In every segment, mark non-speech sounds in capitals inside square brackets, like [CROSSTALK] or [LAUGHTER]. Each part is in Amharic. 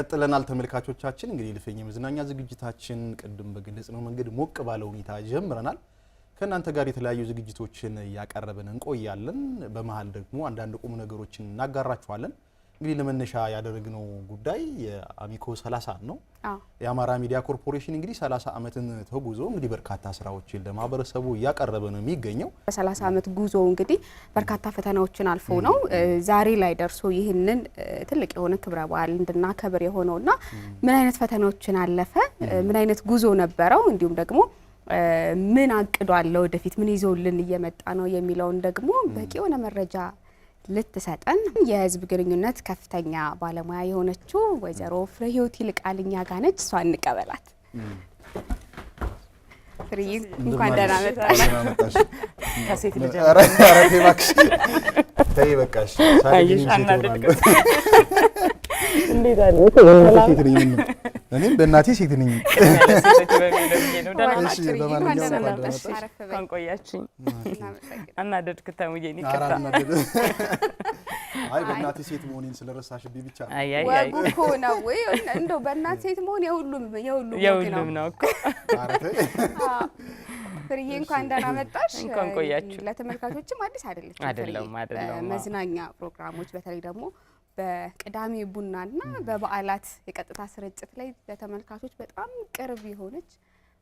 ቀጥለናል ተመልካቾቻችን። እንግዲህ እልፍኝ የመዝናኛ ዝግጅታችን ቅድም በገለጽነው መንገድ ሞቅ ባለ ሁኔታ ጀምረናል። ከእናንተ ጋር የተለያዩ ዝግጅቶችን እያቀረብን እንቆያለን። በመሀል ደግሞ አንዳንድ ቁም ነገሮችን እናጋራችኋለን። እንግዲህ ለመነሻ ያደረግነው ጉዳይ የአሚኮ 30 ነው። የአማራ ሚዲያ ኮርፖሬሽን እንግዲህ 30 ዓመትን ተጉዞ እንግዲህ በርካታ ስራዎችን ለማህበረሰቡ እያቀረበ ነው የሚገኘው። በ30 ዓመት ጉዞ እንግዲህ በርካታ ፈተናዎችን አልፎ ነው ዛሬ ላይ ደርሶ ይህንን ትልቅ የሆነ ክብረ በዓል እንድናከብር የሆነው ና ምን አይነት ፈተናዎችን አለፈ፣ ምን አይነት ጉዞ ነበረው፣ እንዲሁም ደግሞ ምን አቅዷል፣ ወደፊት ምን ይዞልን እየመጣ ነው የሚለውን ደግሞ በቂ የሆነ መረጃ ልትሰጠን የህዝብ ግንኙነት ከፍተኛ ባለሙያ የሆነችው ወይዘሮ ፍሬህይወት ይልቃል እኛ ጋር ነች። እሷ እንቀበላት። ፍሬይ እንኳን ደህና መጣሽ። ከሴት ልጅ ተይ በቃሽ። እኔም በእናቴ ሴት ነኝ። ቆያችኝ አናደድክ ተሙዬ፣ [LAUGHS] በእናቴ ሴት መሆኔን ስለረሳሽብኝ ብቻ እኮ ነው። እንደው በእናት ሴት መሆን የሁሉም ነው እኮ። ፍርዬ እንኳን ደህና መጣሽ። እንኳን ቆያችሁ። ለተመልካቾችም አዲስ አይደለችም። መዝናኛ ፕሮግራሞች በተለይ ደግሞ በቅዳሜ ቡናና በበዓላት የቀጥታ ስርጭት ላይ ለተመልካቾች በጣም ቅርብ የሆነች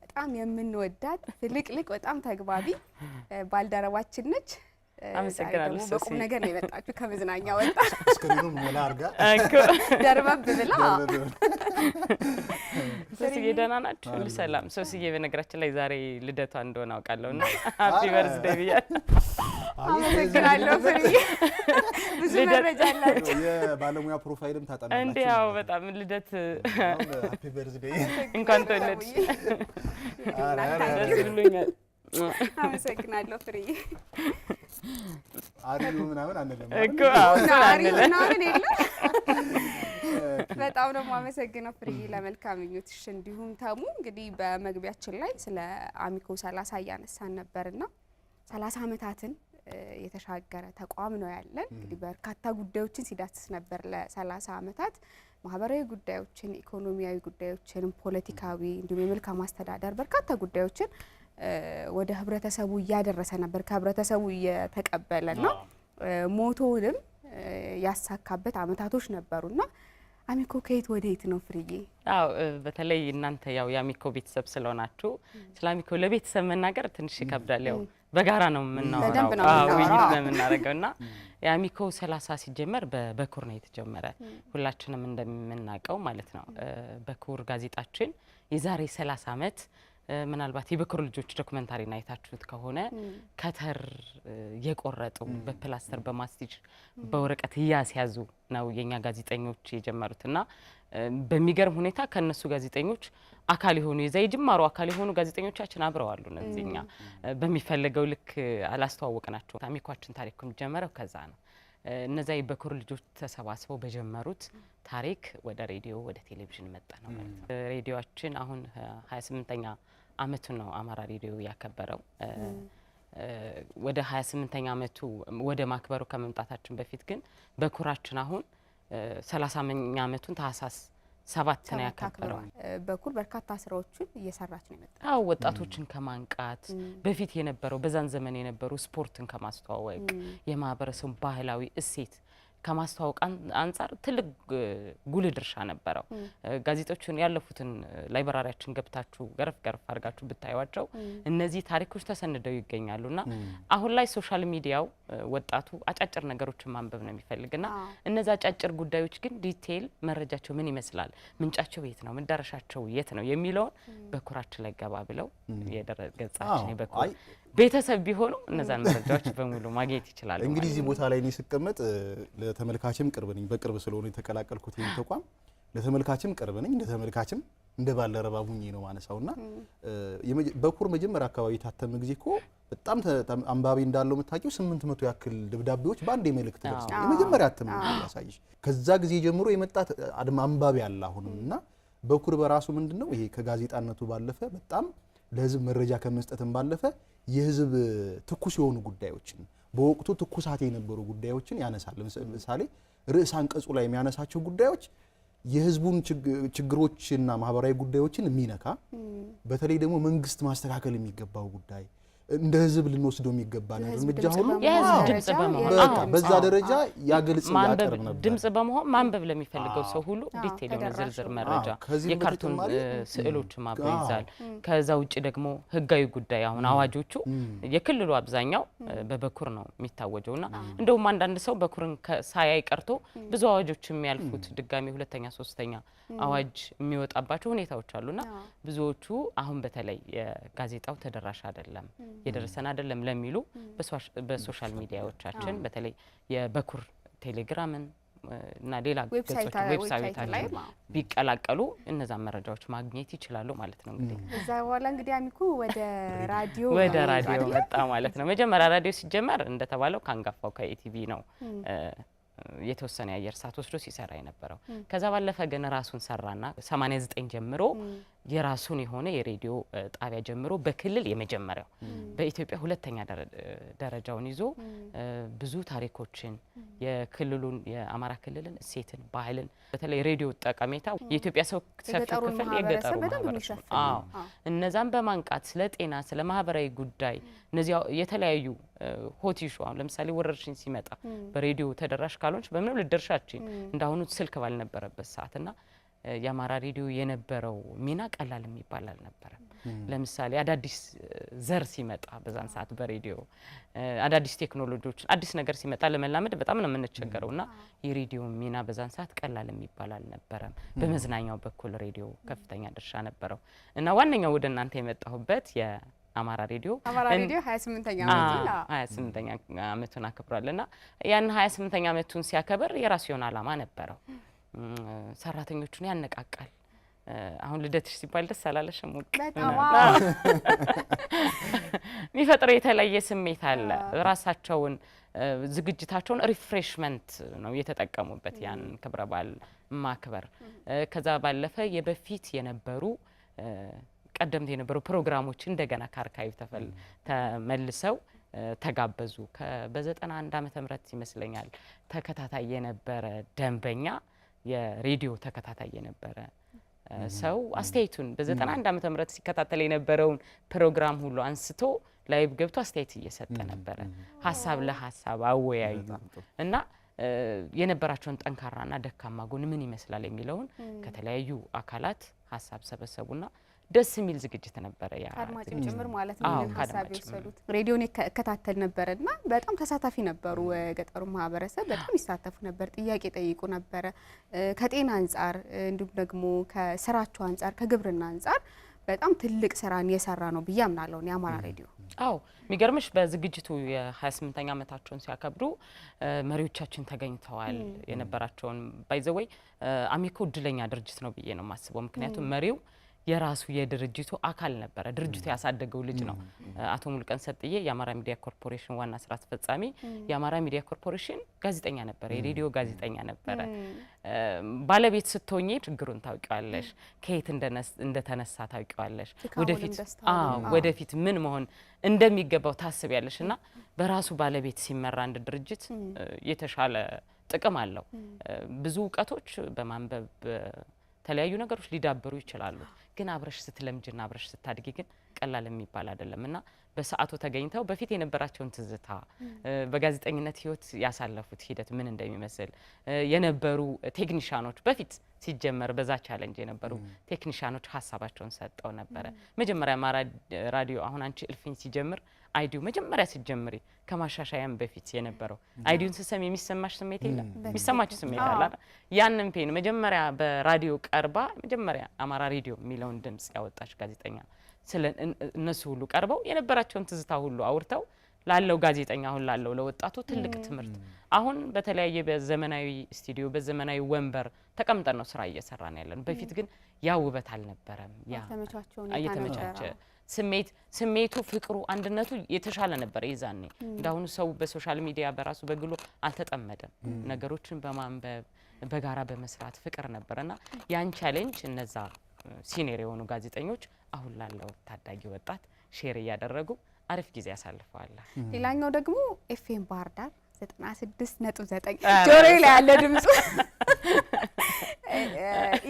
በጣም የምንወዳት ፍልቅልቅ በጣም ተግባቢ ባልደረባችን ነች። አመሰግናለሁ። በቁም ነገር ነው የመጣችሁ። ከመዝናኛ ወጣ እስክሪኑን ሞላ [LAUGHS] [LAUGHS] ደርበብ ብላ ሶስዬ ደህና ናችሁ? ሁሉ ሰላም? ሶስዬ በነገራችን ላይ ዛሬ ልደቷ እንደሆነ አውቃለሁ እና ሀፒ በርዝ ደብያል። አመሰግናለሁ ፍሪ መረጃ አላቸው። [LAUGHS] የባለሙያ ፕሮፋይልም ታጠናላችሁ እንዴ? ያው በጣም ልደት ሃፒ በርዝዴይ [LAUGHS] እንኳን ደስ ብሎኛል። አመሰግናለሁ ምናምን አንልም እኮ ምናምን [LAUGHS] በጣም ለመልካም ምኞትሽ። እንዲሁም ተሙ እንግዲህ በመግቢያችን ላይ ስለ አሚኮ ሰላሳ እያነሳን ነበርና ሰላሳ አመታትን የተሻገረ ተቋም ነው ያለን። እንግዲህ በርካታ ጉዳዮችን ሲዳስስ ነበር ለሰላሳ አመታት ማህበራዊ ጉዳዮችን፣ ኢኮኖሚያዊ ጉዳዮችን፣ ፖለቲካዊ እንዲሁም የመልካም አስተዳደር በርካታ ጉዳዮችን ወደ ህብረተሰቡ እያደረሰ ነበር። ከህብረተሰቡ እየተቀበለ ነው ሞቶንም ያሳካበት አመታቶች ነበሩና አሚኮ ከየት ወደ የት ነው ፍርዬ? አዎ በተለይ እናንተ ያው የአሚኮ ቤተሰብ ስለሆናችሁ ስለ አሚኮ ለቤተሰብ መናገር ትንሽ ይከብዳል። ያው በጋራ ነው የምናወራው ውይይት ነው የምናደርገው እና የአሚኮ ሰላሳ ሲጀመር በበኩር ነው የተጀመረ ሁላችንም እንደምናውቀው ማለት ነው። በኩር ጋዜጣችን የዛሬ ሰላሳ ዓመት ምናልባት የበኩር ልጆች ዶክመንታሪን አይታችሁት ከሆነ ከተር የቆረጡ በፕላስተር በማስቲጅ በወረቀት እያስያዙ ነው የኛ ጋዜጠኞች የጀመሩትና በሚገርም ሁኔታ ከነሱ ጋዜጠኞች አካል የሆኑ የዛ የጅማሩ አካል የሆኑ ጋዜጠኞቻችን አብረዋሉ። እነዚህኛ በሚፈለገው ልክ አላስተዋወቅናቸው። አሚኳችን ታሪክ የሚጀመረው ከዛ ነው። እነዛ የበኩር ልጆች ተሰባስበው በጀመሩት ታሪክ ወደ ሬዲዮ ወደ ቴሌቪዥን መጣ ነው ማለት ነው። ሬዲዮችን አሁን 28ኛ አመቱ ነው አማራ ሬዲዮ ያከበረው። ወደ 28ኛ አመቱ ወደ ማክበሩ ከመምጣታችን በፊት ግን በኩራችን አሁን 30ኛ አመቱን ታህሳስ ሰባት ነው ያከበረው። በኩል በርካታ ስራዎችን እየሰራች ነው የመጣ አዎ፣ ወጣቶችን ከማንቃት በፊት የነበረው በዛን ዘመን የነበሩ ስፖርትን ከማስተዋወቅ የማህበረሰቡን ባህላዊ እሴት ከማስተዋወቅ አንጻር ትልቅ ጉልህ ድርሻ ነበረው። ጋዜጦቹን ያለፉትን ላይብራሪያችን ገብታችሁ ገረፍ ገረፍ አድርጋችሁ ብታዩቸው እነዚህ ታሪኮች ተሰንደው ይገኛሉ ና አሁን ላይ ሶሻል ሚዲያው ወጣቱ አጫጭር ነገሮችን ማንበብ ነው የሚፈልግና እነዚ አጫጭር ጉዳዮች ግን ዲቴይል መረጃቸው ምን ይመስላል፣ ምንጫቸው የት ነው፣ መዳረሻቸው የት ነው የሚለውን በኩራችን ላይ ገባ ብለው የድረ ገጻችን ቤተሰብ ቢሆኑ እነዛን መረጃዎች በሙሉ ማግኘት ይችላሉ። እንግዲህ እዚህ ቦታ ላይ እኔ ስቀመጥ ለተመልካችም ቅርብ ነኝ። በቅርብ ስለሆነ የተቀላቀልኩት ይህ ተቋም ለተመልካችም ቅርብ ነኝ። ተመልካችም እንደ ባልደረባ ሁኜ ነው ማነሳው እና በኩር መጀመሪያ አካባቢ የታተመ ጊዜ እኮ በጣም አንባቢ እንዳለው የምታውቂው ስምንት መቶ ያክል ደብዳቤዎች በአንድ የመልእክት ደርስ የመጀመሪያ አትም ያሳይሽ ከዛ ጊዜ ጀምሮ የመጣት አድማ አንባቢ አለ አሁንም እና በኩር በራሱ ምንድን ነው ይሄ ከጋዜጣነቱ ባለፈ በጣም ለህዝብ መረጃ ከመስጠትም ባለፈ የህዝብ ትኩስ የሆኑ ጉዳዮችን በወቅቱ ትኩሳት የነበሩ ጉዳዮችን ያነሳል። ለምሳሌ ርዕስ አንቀጹ ላይ የሚያነሳቸው ጉዳዮች የህዝቡን ችግሮችና ማህበራዊ ጉዳዮችን የሚነካ በተለይ ደግሞ መንግስት ማስተካከል የሚገባው ጉዳይ እንደ ህዝብ ልንወስደው የሚገባ ነው እርምጃ ሁሉ የህዝብ ድምጽ በመሆን በዛ ደረጃ ያገልጽ ያቀርብ ነበር። ድምጽ በመሆን ማንበብ ለሚፈልገው ሰው ሁሉ ዲቴል የሆነ ዝርዝር መረጃ የካርቱን ስዕሎች አብሮ ይዛል። ከዛ ውጭ ደግሞ ህጋዊ ጉዳይ አሁን አዋጆቹ የክልሉ አብዛኛው በበኩር ነው የሚታወጀው የሚታወጀውና እንደውም አንዳንድ ሰው በኩርን ሳያይ ቀርቶ ብዙ አዋጆች የሚያልፉት ድጋሚ ሁለተኛ ሶስተኛ አዋጅ የሚወጣባቸው ሁኔታዎች አሉና ብዙዎቹ አሁን በተለይ የጋዜጣው ተደራሽ አይደለም። እየደረሰን አይደለም ለሚሉ በሶሻል ሚዲያዎቻችን በተለይ የበኩር ቴሌግራምን እና ሌላ ዌብሳይት ላይ ቢቀላቀሉ እነዛን መረጃዎች ማግኘት ይችላሉ ማለት ነው። እንግዲህ እዛ በኋላ እንግዲህ አሚኮ ወደ ራዲዮ ወደ ራዲዮ መጣ ማለት ነው። መጀመሪያ ራዲዮ ሲጀመር እንደተባለው ከአንጋፋው ከኢቲቪ ነው የተወሰነ የአየር ሰዓት ወስዶ ሲሰራ የነበረው። ከዛ ባለፈ ግን ራሱን ሰራና 89 ጀምሮ የራሱን የሆነ የሬዲዮ ጣቢያ ጀምሮ በክልል የመጀመሪያው በኢትዮጵያ ሁለተኛ ደረጃውን ይዞ ብዙ ታሪኮችን የክልሉን የአማራ ክልልን እሴትን፣ ባህልን በተለይ ሬዲዮ ጠቀሜታ የኢትዮጵያ ሰው ሰፊ ክፍል የገጠሩ ማህበረሰብ አዎ፣ እነዛን በማንቃት ስለ ጤና፣ ስለ ማህበራዊ ጉዳይ እነዚያ የተለያዩ ሆቲሹ አሁን ለምሳሌ ወረርሽኝ ሲመጣ በሬዲዮ ተደራሽ ካልሆንች በምንም ልደርሻችን እንዳሁኑ ስልክ ባልነበረበት ሰዓትና የአማራ ሬዲዮ የነበረው ሚና ቀላል የሚባል አልነበረም። ለምሳሌ አዳዲስ ዘር ሲመጣ በዛን ሰዓት በሬዲዮ አዳዲስ ቴክኖሎጂዎችን አዲስ ነገር ሲመጣ ለመላመድ በጣም ነው የምንቸገረው እና የሬዲዮ ሚና በዛን ሰዓት ቀላል የሚባል አልነበረም። በመዝናኛው በኩል ሬዲዮ ከፍተኛ ድርሻ ነበረው እና ዋነኛው ወደ እናንተ የመጣሁበት አማራ ሬዲዮ አማራ ሬዲዮ 28ኛ ዓመቱን አክብሯል እና ያን 28ኛ ዓመቱን ሲያከብር የራሱ የሆነ ዓላማ ነበረው። ሰራተኞቹን ያነቃቃል። አሁን ልደትሽ ሲባል ደስ አላለሽም? ውቅ [LAUGHS] የሚፈጥረው የተለየ ስሜት አለ። ራሳቸውን ዝግጅታቸውን ሪፍሬሽመንት ነው የተጠቀሙበት፣ ያን ክብረ በዓል ማክበር። ከዛ ባለፈ የበፊት የነበሩ ቀደምት የነበሩ ፕሮግራሞች እንደገና ከአርካይቭ ተመልሰው ተጋበዙ። በዘጠና አንድ ዓመተ ምህረት ይመስለኛል ተከታታይ የነበረ ደንበኛ የሬዲዮ ተከታታይ የነበረ ሰው አስተያየቱን በ91 ዓመተ ምህረት ሲከታተል የነበረውን ፕሮግራም ሁሉ አንስቶ ላይብ ገብቶ አስተያየት እየሰጠ ነበረ። ሀሳብ ለሀሳብ አወያዩ እና የነበራቸውን ጠንካራና ደካማ ጎን ምን ይመስላል የሚለውን ከተለያዩ አካላት ሀሳብ ሰበሰቡና ደስ የሚል ዝግጅት ነበረ። ያ አድማጭም ጭምር ማለት ነው ሀሳብ የወሰዱት ሬዲዮን እከታተል ነበረ እና በጣም ተሳታፊ ነበሩ። ገጠሩ ማህበረሰብ በጣም ይሳተፉ ነበር፣ ጥያቄ ጠይቁ ነበረ። ከጤና አንጻር እንዲሁም ደግሞ ከስራቸው አንጻር ከግብርና አንጻር በጣም ትልቅ ስራን የሰራ ነው ብዬ አምናለሁ የአማራ ሬዲዮ። አዎ የሚገርምሽ በዝግጅቱ የ28ኛ ዓመታቸውን ሲያከብሩ መሪዎቻችን ተገኝተዋል። የነበራቸውን ባይዘወይ አሚኮ እድለኛ ድርጅት ነው ብዬ ነው የማስበው። ምክንያቱም መሪው የራሱ የድርጅቱ አካል ነበረ። ድርጅቱ ያሳደገው ልጅ ነው። አቶ ሙልቀን ሰጥዬ የአማራ ሚዲያ ኮርፖሬሽን ዋና ስራ አስፈጻሚ፣ የአማራ ሚዲያ ኮርፖሬሽን ጋዜጠኛ ነበረ፣ የሬዲዮ ጋዜጠኛ ነበረ። ባለቤት ስትሆኚ ችግሩን ታውቂዋለሽ፣ ከየት እንደተነሳ ታውቂዋለሽ፣ ወደፊት ወደፊት ምን መሆን እንደሚገባው ታስቢያለሽ። እና በራሱ ባለቤት ሲመራ አንድ ድርጅት የተሻለ ጥቅም አለው። ብዙ እውቀቶች በማንበብ የተለያዩ ነገሮች ሊዳበሩ ይችላሉ። ግን አብረሽ ስትለምጅና አብረሽ ስታድጊ ግን ቀላል የሚባል አይደለም እና በሰዓቱ ተገኝተው በፊት የነበራቸውን ትዝታ በጋዜጠኝነት ህይወት ያሳለፉት ሂደት ምን እንደሚመስል የነበሩ ቴክኒሻኖች በፊት ሲጀመር በዛ ቻለንጅ የነበሩ ቴክኒሻኖች ሀሳባቸውን ሰጠው ነበረ። መጀመሪያ ማራ ራዲዮ አሁን አንቺ እልፍኝ ሲጀምር አይዲው መጀመሪያ ስትጀምሪ ከማሻሻያም በፊት የነበረው አይዲውን ስሰም የሚሰማሽ ስሜት የለም፣ የሚሰማችሁ ስሜት አለ። ያንን ፔን መጀመሪያ በራዲዮ ቀርባ መጀመሪያ አማራ ሬዲዮ የሚለውን ድምጽ ያወጣች ጋዜጠኛ ስለ እነሱ ሁሉ ቀርበው የነበራቸውን ትዝታ ሁሉ አውርተው ላለው ጋዜጠኛ አሁን ላለው ለወጣቱ ትልቅ ትምህርት። አሁን በተለያየ በዘመናዊ ስቱዲዮ በዘመናዊ ወንበር ተቀምጠን ነው ስራ እየሰራን ያለን። በፊት ግን ያ ውበት አልነበረም። ያ እየተመቻቸ ስሜት ስሜቱ ፍቅሩ፣ አንድነቱ የተሻለ ነበር ይዛኔ። እንዳሁኑ ሰው በሶሻል ሚዲያ በራሱ በግሎ አልተጠመደም። ነገሮችን በማንበብ በጋራ በመስራት ፍቅር ነበርና ያን ቻሌንጅ እነዛ ሲኒየር የሆኑ ጋዜጠኞች አሁን ላለው ታዳጊ ወጣት ሼር እያደረጉ አሪፍ ጊዜ ያሳልፈዋል። ሌላኛው ደግሞ ኤፍኤም ባህር ዳር 96.9 ጆሮዬ ላይ ያለ ድምፁ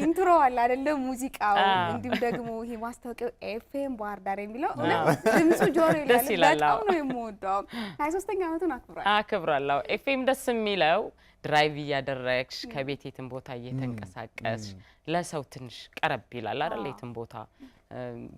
ኢንትሮ አለ አይደለም፣ ሙዚቃው እንዲሁም ደግሞ ይሄ ማስታወቂያው ኤፍኤም ባህር ዳር የሚለው ድምፁ ጆሮ ይላል። በጣም ነው የምወደው። ሀያ ሶስተኛ ዓመቱን አክብሯል አክብሯለሁ። ኤፍኤም ደስ የሚለው ድራይቭ እያደረግሽ ከቤት የትን ቦታ እየተንቀሳቀስሽ ለሰው ትንሽ ቀረብ ይላል አይደል? የትን ቦታ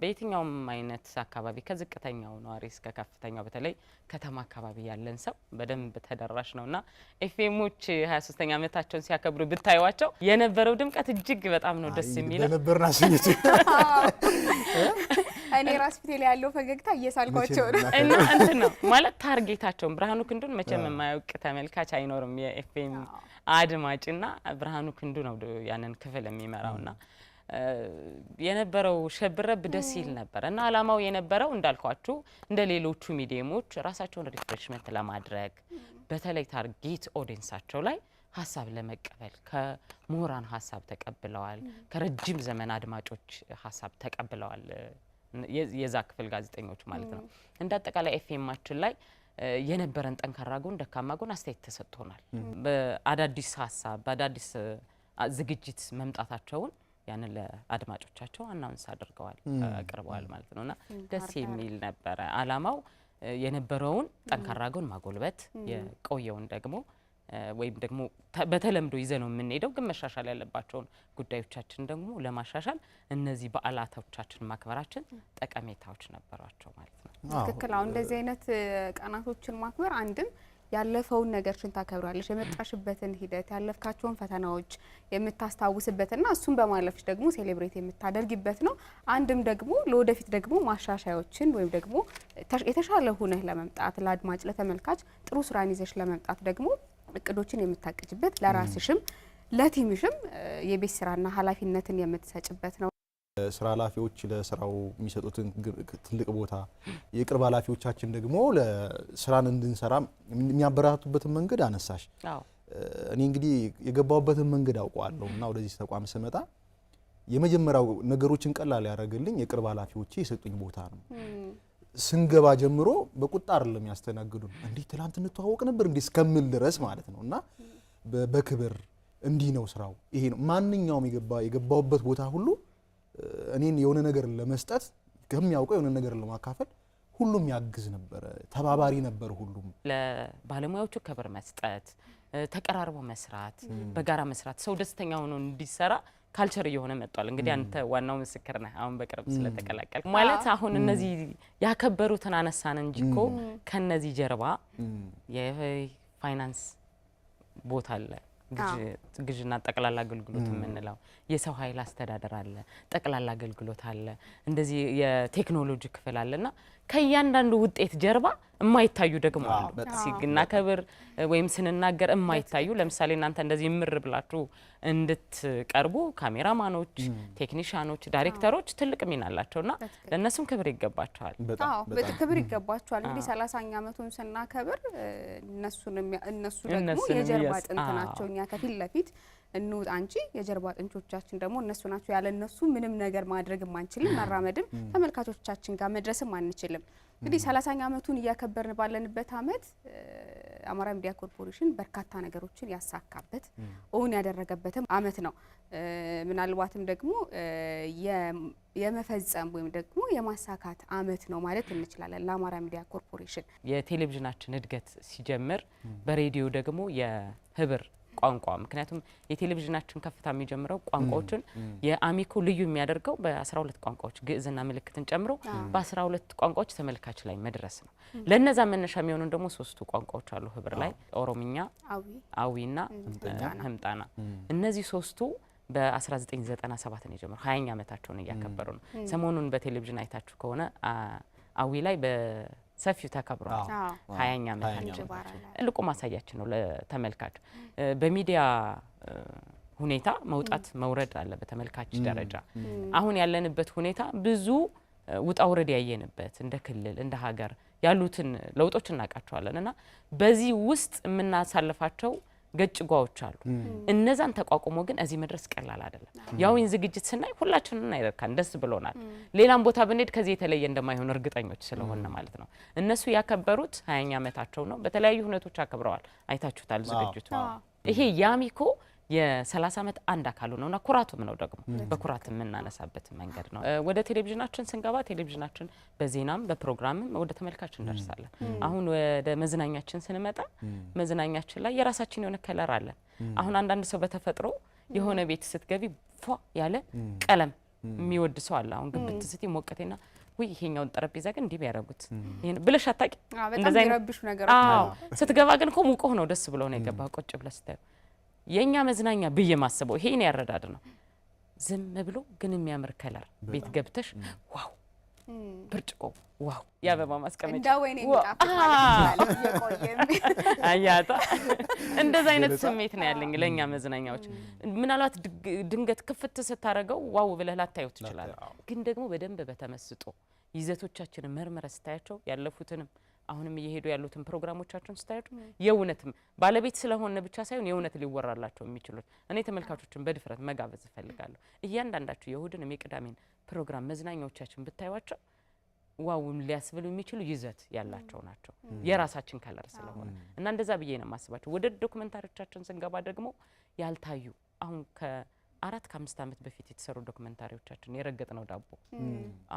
በየትኛውም አይነት አካባቢ ከዝቅተኛው ነዋሪ እስከ ከፍተኛው በተለይ ከተማ አካባቢ ያለን ሰው በደንብ ተደራሽ ነው ነውና ኤፍኤሞች ሀያ ሶስተኛ ዓመታቸውን ሲያከብሩ ብታዩዋቸው የነበረው ድምቀት እጅግ በጣም ነው ደስ የሚለው ነበር። ናስኝት [LAUGHS] እኔ ራስ ፊቴ ላይ ያለው ፈገግታ እየሳልኳቸው ነው እና እንትን ነው ማለት ታርጌታቸውን ብርሃኑ ክንዱን መቼም የማያውቅ ተመልካች አይኖርም። የኤፍኤም አድማጭና ብርሃኑ ክንዱ ነው ያንን ክፍል የሚመራው ና የነበረው ሸብረብ ደስ ይል ነበር እና አላማው የነበረው እንዳልኳችሁ እንደ ሌሎቹ ሚዲየሞች ራሳቸውን ሪፍሬሽመንት ለማድረግ በተለይ ታርጌት ኦዲየንሳቸው ላይ ሀሳብ ለመቀበል ከምሁራን ሀሳብ ተቀብለዋል። ከረጅም ዘመን አድማጮች ሀሳብ ተቀብለዋል። የዛ ክፍል ጋዜጠኞች ማለት ነው። እንደ አጠቃላይ ኤፍኤማችን ላይ የነበረን ጠንካራ ጎን፣ ደካማ ጎን አስተያየት ተሰጥቶናል። በአዳዲስ ሀሳብ በአዳዲስ ዝግጅት መምጣታቸውን ያንን ለአድማጮቻቸው አናውንስ አድርገዋል አቅርበዋል ማለት ነውና ደስ የሚል ነበረ። አላማው የነበረውን ጠንካራ ጎን ማጎልበት የቆየውን ደግሞ ወይም ደግሞ በተለምዶ ይዘ ነው የምንሄደው፣ ግን መሻሻል ያለባቸውን ጉዳዮቻችን ደግሞ ለማሻሻል እነዚህ በዓላቶቻችን ማክበራችን ጠቀሜታዎች ነበሯቸው ማለት ነው። ትክክል። አሁን እንደዚህ አይነት ቀናቶችን ማክበር አንድም ያለፈውን ነገርሽን ታከብራለሽ፣ የመጣሽበትን ሂደት ያለፍካቸውን ፈተናዎች የምታስታውስበትና እሱን በማለፍሽ ደግሞ ሴሌብሬት የምታደርጊበት ነው። አንድም ደግሞ ለወደፊት ደግሞ ማሻሻያዎችን ወይም ደግሞ የተሻለ ሁነህ ለመምጣት ለአድማጭ ለተመልካች ጥሩ ስራን ይዘሽ ለመምጣት ደግሞ እቅዶችን የምታቅጅበት ለራስሽም ለቲምሽም የቤት ስራና ኃላፊነትን የምትሰጭበት ነው። ስራ ኃላፊዎች ለስራው የሚሰጡትን ትልቅ ቦታ፣ የቅርብ ኃላፊዎቻችን ደግሞ ለስራን እንድንሰራ የሚያበረታቱበትን መንገድ አነሳሽ። እኔ እንግዲህ የገባሁበትን መንገድ አውቀዋለሁ እና ወደዚህ ተቋም ስመጣ የመጀመሪያው ነገሮችን ቀላል ያደረግልኝ የቅርብ ኃላፊዎቼ የሰጡኝ ቦታ ነው። ስንገባ ጀምሮ በቁጣ አይደለም ያስተናግዱን። እንዴ ትላንት እንተዋወቅ ነበር እንዴ እስከምል ድረስ ማለት ነው እና በክብር እንዲህ ነው ስራው፣ ይሄ ነው ማንኛውም የገባሁበት ቦታ ሁሉ እኔን የሆነ ነገር ለመስጠት ከሚያውቀው የሆነ ነገር ለማካፈል ሁሉም ያግዝ ነበረ። ተባባሪ ነበር ሁሉም። ለባለሙያዎቹ ክብር መስጠት፣ ተቀራርቦ መስራት፣ በጋራ መስራት፣ ሰው ደስተኛ ሆኖ እንዲሰራ ካልቸር እየሆነ መጥቷል። እንግዲህ አንተ ዋናው ምስክር ነህ፣ አሁን በቅርብ ስለተቀላቀል ማለት አሁን እነዚህ ያከበሩትን አነሳን እንጂ እኮ ከነዚህ ጀርባ የፋይናንስ ቦታ አለ ግዥና ጠቅላላ አገልግሎት የምንለው የሰው ኃይል አስተዳደር አለ፣ ጠቅላላ አገልግሎት አለ፣ እንደዚህ የቴክኖሎጂ ክፍል አለና ከእያንዳንዱ ውጤት ጀርባ የማይታዩ ደግሞ አሉ። ሲናከብር ወይም ስንናገር የማይታዩ ለምሳሌ እናንተ እንደዚህ ምር ብላችሁ እንድትቀርቡ ካሜራማኖች፣ ቴክኒሽያኖች ዳይሬክተሮች ትልቅ ሚና አላቸው እና ለእነሱም ክብር ይገባቸዋል። ክብር ይገባቸዋል። እንግዲህ ሰላሳኛ አመቱን ስናከብር እነሱ ደግሞ የጀርባ አጥንት ናቸው እኛ ከፊት ለፊት እንውጣ እንጂ የጀርባ አጥንቶቻችን ደግሞ እነሱ ናቸው። ያለ እነሱ ምንም ነገር ማድረግም አንችልም፣ መራመድም ተመልካቾቻችን ጋር መድረስም አንችልም። እንግዲህ ሰላሳኛ ዓመቱን እያከበርን ባለንበት ዓመት አማራ ሚዲያ ኮርፖሬሽን በርካታ ነገሮችን ያሳካበት እውን ያደረገበትም ዓመት ነው። ምናልባትም ደግሞ የመፈጸም ወይም ደግሞ የማሳካት ዓመት ነው ማለት እንችላለን። ለአማራ ሚዲያ ኮርፖሬሽን የቴሌቪዥናችን እድገት ሲጀምር በሬዲዮ ደግሞ የህብር ቋንቋ ምክንያቱም የቴሌቪዥናችን ከፍታ የሚጀምረው ቋንቋዎችን የአሚኮ ልዩ የሚያደርገው በ12 ቋንቋዎች ግዕዝና ምልክትን ጨምሮ በ12 ቋንቋዎች ተመልካች ላይ መድረስ ነው። ለነዛ መነሻ የሚሆኑን ደግሞ ሶስቱ ቋንቋዎች አሉ ህብር ላይ ኦሮምኛ፣ አዊና ህምጣና እነዚህ ሶስቱ በ1997 ነው የጀመሩ። ሀያኛ ዓመታቸውን እያከበሩ ነው። ሰሞኑን በቴሌቪዥን አይታችሁ ከሆነ አዊ ላይ ሰፊው ተከብሯል። ሀያኛ ዓመታችን ትልቁ ማሳያችን ነው ለተመልካች በሚዲያ ሁኔታ መውጣት መውረድ አለ። በተመልካች ደረጃ አሁን ያለንበት ሁኔታ ብዙ ውጣ ውረድ ያየንበት እንደ ክልል እንደ ሀገር ያሉትን ለውጦች እናውቃቸዋለን እና በዚህ ውስጥ የምናሳልፋቸው ገጭጓዎች አሉ። እነዛን ተቋቁሞ ግን እዚህ መድረስ ቀላል አይደለም። የአሁን ዝግጅት ስናይ ሁላችንን እናይረካን ደስ ብሎናል። ሌላም ቦታ ብንሄድ ከዚህ የተለየ እንደማይሆን እርግጠኞች ስለሆነ ማለት ነው። እነሱ ያከበሩት ሀያኛ ዓመታቸው ነው። በተለያዩ ሁነቶች አከብረዋል። አይታችሁታል ዝግጅቱ ይሄ ያሚኮ የሰላሳ ዓመት አንድ አካሉ ነውና ኩራቱም ነው ደግሞ በኩራት የምናነሳበት መንገድ ነው። ወደ ቴሌቪዥናችን ስንገባ ቴሌቪዥናችን በዜናም በፕሮግራምም ወደ ተመልካች እንደርሳለን። አሁን ወደ መዝናኛችን ስንመጣ መዝናኛችን ላይ የራሳችን የሆነ ከለር አለን። አሁን አንዳንድ ሰው በተፈጥሮ የሆነ ቤት ስትገቢ ፏ ያለ ቀለም የሚወድ ሰው አለ። አሁን ግብት ብትስቲ ሞቀቴና ውይ ይሄኛውን ጠረጴዛ ግን እንዲህ ቢያደርጉት ብለሽ አታቂ ስትገባ ግን እኮ ሙቆ ነው ደስ ብሎ ነው የገባ ቁጭ ብለ ስታዩ የእኛ መዝናኛ ብዬ ማስበው ይሄን ያረዳድ ነው። ዝም ብሎ ግን የሚያምር ከለር ቤት ገብተሽ ዋው ብርጭቆ ዋው የአበባ ማስቀመጫ እንደዛ [LAUGHS] አይነት ስሜት ነው ያለኝ ለእኛ መዝናኛዎች። ምናልባት ድንገት ክፍት ስታደርገው ዋው ብለህ ላታየው ትችላለህ። ግን ደግሞ በደንብ በተመስጦ ይዘቶቻችንን መርመረ ስታያቸው ያለፉትንም አሁንም እየሄዱ ያሉትን ፕሮግራሞቻችን ስታዩ የእውነትም ባለቤት ስለሆነ ብቻ ሳይሆን የእውነት ሊወራላቸው የሚችሉት እኔ ተመልካቾችን በድፍረት መጋበዝ እፈልጋለሁ። እያንዳንዳቸው የእሁድንም የቅዳሜን ፕሮግራም መዝናኛዎቻችን ብታዩቸው ዋውም ሊያስብሉ የሚችሉ ይዘት ያላቸው ናቸው። የራሳችን ከለር ስለሆነ እና እንደዛ ብዬ ነው የማስባቸው። ወደ ዶክመንታሪዎቻችን ስንገባ ደግሞ ያልታዩ አሁን አራት ከአምስት ዓመት በፊት የተሰሩ ዶክመንታሪዎቻችን የረገጥነው ዳቦ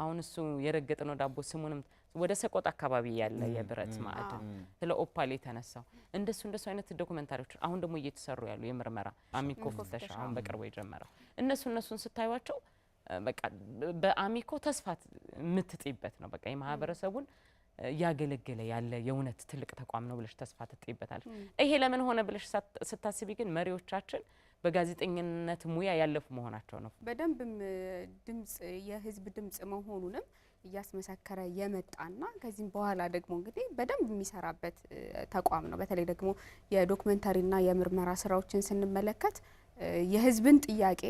አሁን እሱ የረገጥነው ዳቦ ስሙንም ወደ ሰቆጥ አካባቢ ያለ የብረት ማዕድን ስለ ኦፓል የተነሳው እንደሱ እንደሱ አይነት ዶክመንታሪዎች አሁን ደግሞ እየተሰሩ ያሉ የምርመራ አሚኮ ፍተሻ አሁን በቅርቡ የጀመረው እነሱ እነሱን ስታዩቸው በቃ በአሚኮ ተስፋት የምትጥይበት ነው። በቃ የማህበረሰቡን እያገለገለ ያለ የእውነት ትልቅ ተቋም ነው ብለሽ ተስፋ ትጥይበታለሽ። ይሄ ለምን ሆነ ብለሽ ስታስቢ ግን መሪዎቻችን በጋዜጠኝነት ሙያ ያለፉ መሆናቸው ነው። በደንብም ድምጽ የህዝብ ድምጽ መሆኑንም እያስመሰከረ የመጣና ከዚህም በኋላ ደግሞ እንግዲህ በደንብ የሚሰራበት ተቋም ነው። በተለይ ደግሞ የዶክመንተሪና የምርመራ ስራዎችን ስንመለከት የህዝብን ጥያቄ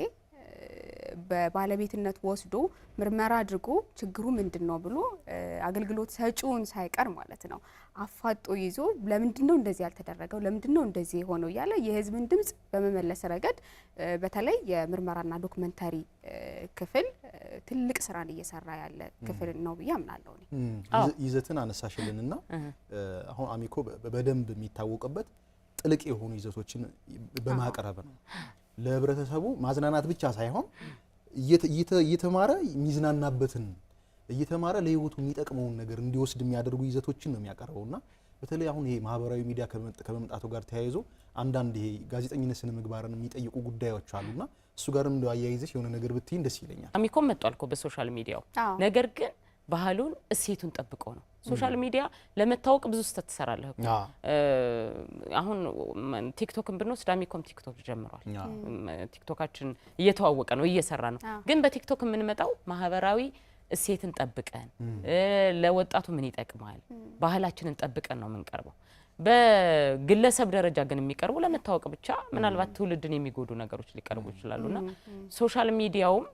በባለቤትነት ወስዶ ምርመራ አድርጎ ችግሩ ምንድን ነው ብሎ አገልግሎት ሰጪውን ሳይቀር ማለት ነው አፋጦ ይዞ ለምንድን ነው እንደዚህ ያልተደረገው፣ ለምንድን ነው እንደዚህ የሆነው እያለ የህዝብን ድምጽ በመመለስ ረገድ በተለይ የምርመራና ዶክመንታሪ ክፍል ትልቅ ስራን እየሰራ ያለ ክፍል ነው ብዬ አምናለሁ። ይዘትን አነሳሽልንና አሁን አሚኮ በደንብ የሚታወቅበት ጥልቅ የሆኑ ይዘቶችን በማቅረብ ነው። ለህብረተሰቡ ማዝናናት ብቻ ሳይሆን እየተማረ የሚዝናናበትን እየተማረ ለህይወቱ የሚጠቅመውን ነገር እንዲወስድ የሚያደርጉ ይዘቶችን ነው የሚያቀርበውና በተለይ አሁን ይሄ ማህበራዊ ሚዲያ ከመምጣቱ ጋር ተያይዞ አንዳንድ ይሄ ጋዜጠኝነት ስነ ምግባርን የሚጠይቁ ጉዳዮች አሉና እሱ ጋርም እንደ አያይዘሽ የሆነ ነገር ብትይን ደስ ይለኛል። አሚኮም መጥቷል እኮ በሶሻል ሚዲያው ነገር ግን ባህሉን እሴቱን ጠብቆ ነው። ሶሻል ሚዲያ ለመታወቅ ብዙ ስህተት ትሰራለህ አሁን ቲክቶክን ብንወስድ አሚኮም ቲክቶክ ጀምሯል። ቲክቶካችን እየተዋወቀ ነው፣ እየሰራ ነው። ግን በቲክቶክ የምንመጣው ማህበራዊ እሴትን ጠብቀን ለወጣቱ ምን ይጠቅማል፣ ባህላችንን ጠብቀን ነው የምንቀርበው። በግለሰብ ደረጃ ግን የሚቀርቡ ለመታወቅ ብቻ ምናልባት ትውልድን የሚጎዱ ነገሮች ሊቀርቡ ይችላሉና ሶሻል ሚዲያውም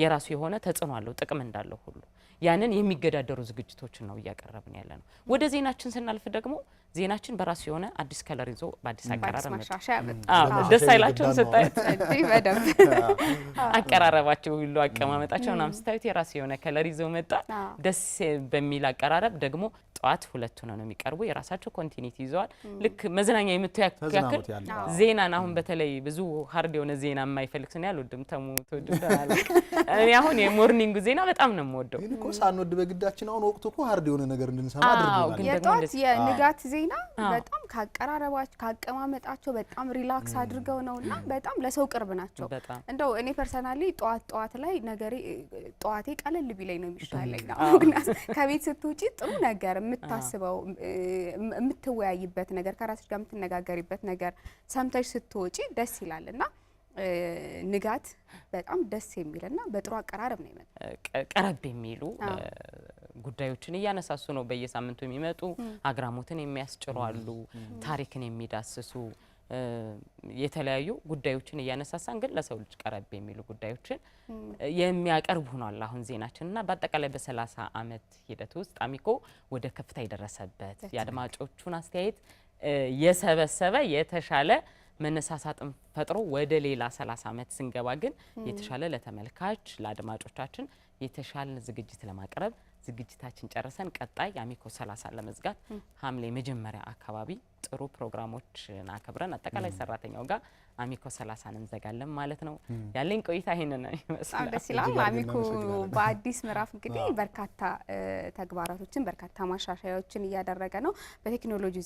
የራሱ የሆነ ተጽዕኖ አለው ጥቅም እንዳለው ሁሉ ያንን የሚገዳደሩ ዝግጅቶችን ነው እያቀረብን ያለ ነው። ወደ ዜናችን ስናልፍ ደግሞ ዜናችን በራሱ የሆነ አዲስ ከለር ይዞ በአዲስ አቀራረብ ደስ አይላቸውን ስታዩት አቀራረባቸው ሁሉ አቀማመጣቸው ምናምን ስታዩት የራሱ የሆነ ከለር ይዞ መጣ። ደስ በሚል አቀራረብ ደግሞ ጠዋት ሁለቱ ነው የሚቀርቡ የራሳቸው ኮንቲኒቲ ይዘዋል። ልክ መዝናኛ ያክል ዜናን አሁን በተለይ ብዙ ሀርድ የሆነ ዜና የማይፈልግ ስን ያል ወድም ተሙ ትወድብናለ። እኔ አሁን የሞርኒንጉ ዜና በጣም ነው የምወደው። ሳንወድ በግዳችን አሁን ወቅቱ እኮ ሀርድ የሆነ ነገር እንድንሰማ አድርጎናል። የጧት የንጋት ዜና ዜና በጣም ካቀራረባቸው ካቀማመጣቸው በጣም ሪላክስ አድርገው ነው እና በጣም ለሰው ቅርብ ናቸው። እንደው እኔ ፐርሰናሊ ጠዋት ጠዋት ላይ ነገሬ ጠዋቴ ቀለል ቢለኝ ነው የሚሻለኝ። ምክንያቱ ከቤት ስትውጪ ጥሩ ነገር የምታስበው የምትወያይበት ነገር ከራስሽ ጋር የምትነጋገሪበት ነገር ሰምተሽ ስትወጪ ደስ ይላል እና ንጋት በጣም ደስ የሚል የሚልና በጥሩ አቀራረብ ነው ይመጣ ቀረብ የሚሉ ጉዳዮችን እያነሳሱ ነው። በየሳምንቱ የሚመጡ አግራሞትን የሚያስጭሩ አሉ፣ ታሪክን የሚዳስሱ የተለያዩ ጉዳዮችን እያነሳሳን ግን ለሰው ልጅ ቀረብ የሚሉ ጉዳዮችን የሚያቀርብ ሆኗል አሁን ዜናችን እና በአጠቃላይ በሰላሳ አመት ሂደት ውስጥ አሚኮ ወደ ከፍታ የደረሰበት የአድማጮቹን አስተያየት የሰበሰበ የተሻለ መነሳሳትም ፈጥሮ ወደ ሌላ ሰላሳ አመት ስንገባ ግን የተሻለ ለተመልካች ለአድማጮቻችን የተሻለ ዝግጅት ለማቅረብ ዝግጅታችን ጨርሰን ቀጣይ የአሚኮ 30 ለመዝጋት ሐምሌ መጀመሪያ አካባቢ ጥሩ ፕሮግራሞችን አከብረን አጠቃላይ ሰራተኛው ጋር አሚኮ 30 እንዘጋለን ማለት ነው። ያለኝ ቆይታ ነው ይመስላል። ደስ ይላል። አሚኮ በአዲስ ምዕራፍ እንግዲህ በርካታ ተግባራቶችን በርካታ ማሻሻያዎችን እያደረገ ነው። በቴክኖሎጂ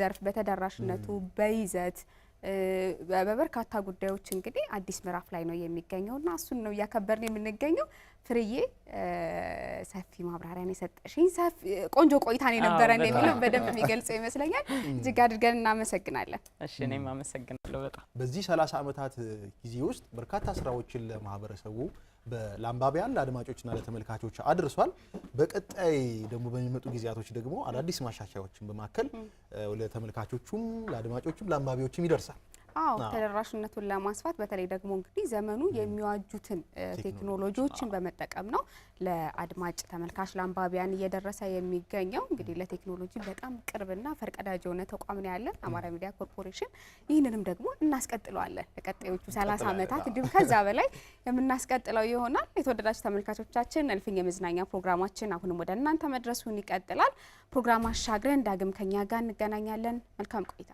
ዘርፍ በተደራሽነቱ፣ በይዘት በበርካታ ጉዳዮች እንግዲህ አዲስ ምዕራፍ ላይ ነው እና እሱን ነው እያከበርን የምንገኘው። ፍርዬ ሰፊ ማብራሪያን የሰጠሽኝ ቆንጆ ቆይታን የነበረን የሚለው በደንብ የሚገልጸው ይመስለኛል። [LAUGHS] እጅግ አድርገን እናመሰግናለን። እሺ እኔም አመሰግናለሁ በጣም በዚህ ሰላሳ ዓመታት ጊዜ ውስጥ በርካታ ስራዎችን ለማህበረሰቡ ለአንባቢያን ለአድማጮችና ለተመልካቾች አድርሷል። በቀጣይ ደግሞ በሚመጡ ጊዜያቶች ደግሞ አዳዲስ ማሻሻያዎችን በማከል ለተመልካቾቹም ለአድማጮቹም ለአንባቢዎችም ይደርሳል። አዎ ተደራሽነቱን ለማስፋት በተለይ ደግሞ እንግዲህ ዘመኑ የሚዋጁትን ቴክኖሎጂዎችን በመጠቀም ነው ለአድማጭ ተመልካች ለአንባቢያን እየደረሰ የሚገኘው። እንግዲህ ለቴክኖሎጂ በጣም ቅርብና ፈርቀዳጅ የሆነ ተቋም ነው ያለን አማራ ሚዲያ ኮርፖሬሽን። ይህንንም ደግሞ እናስቀጥለዋለን ለቀጣዮቹ 30 ዓመታት እንዲሁም ከዛ በላይ የምናስቀጥለው ይሆናል። የተወደዳችሁ ተመልካቾቻችን እልፍኝ የመዝናኛ ፕሮግራማችን አሁንም ወደ እናንተ መድረሱን ይቀጥላል። ፕሮግራም አሻግረን ዳግም ከኛ ጋር እንገናኛለን። መልካም ቆይታ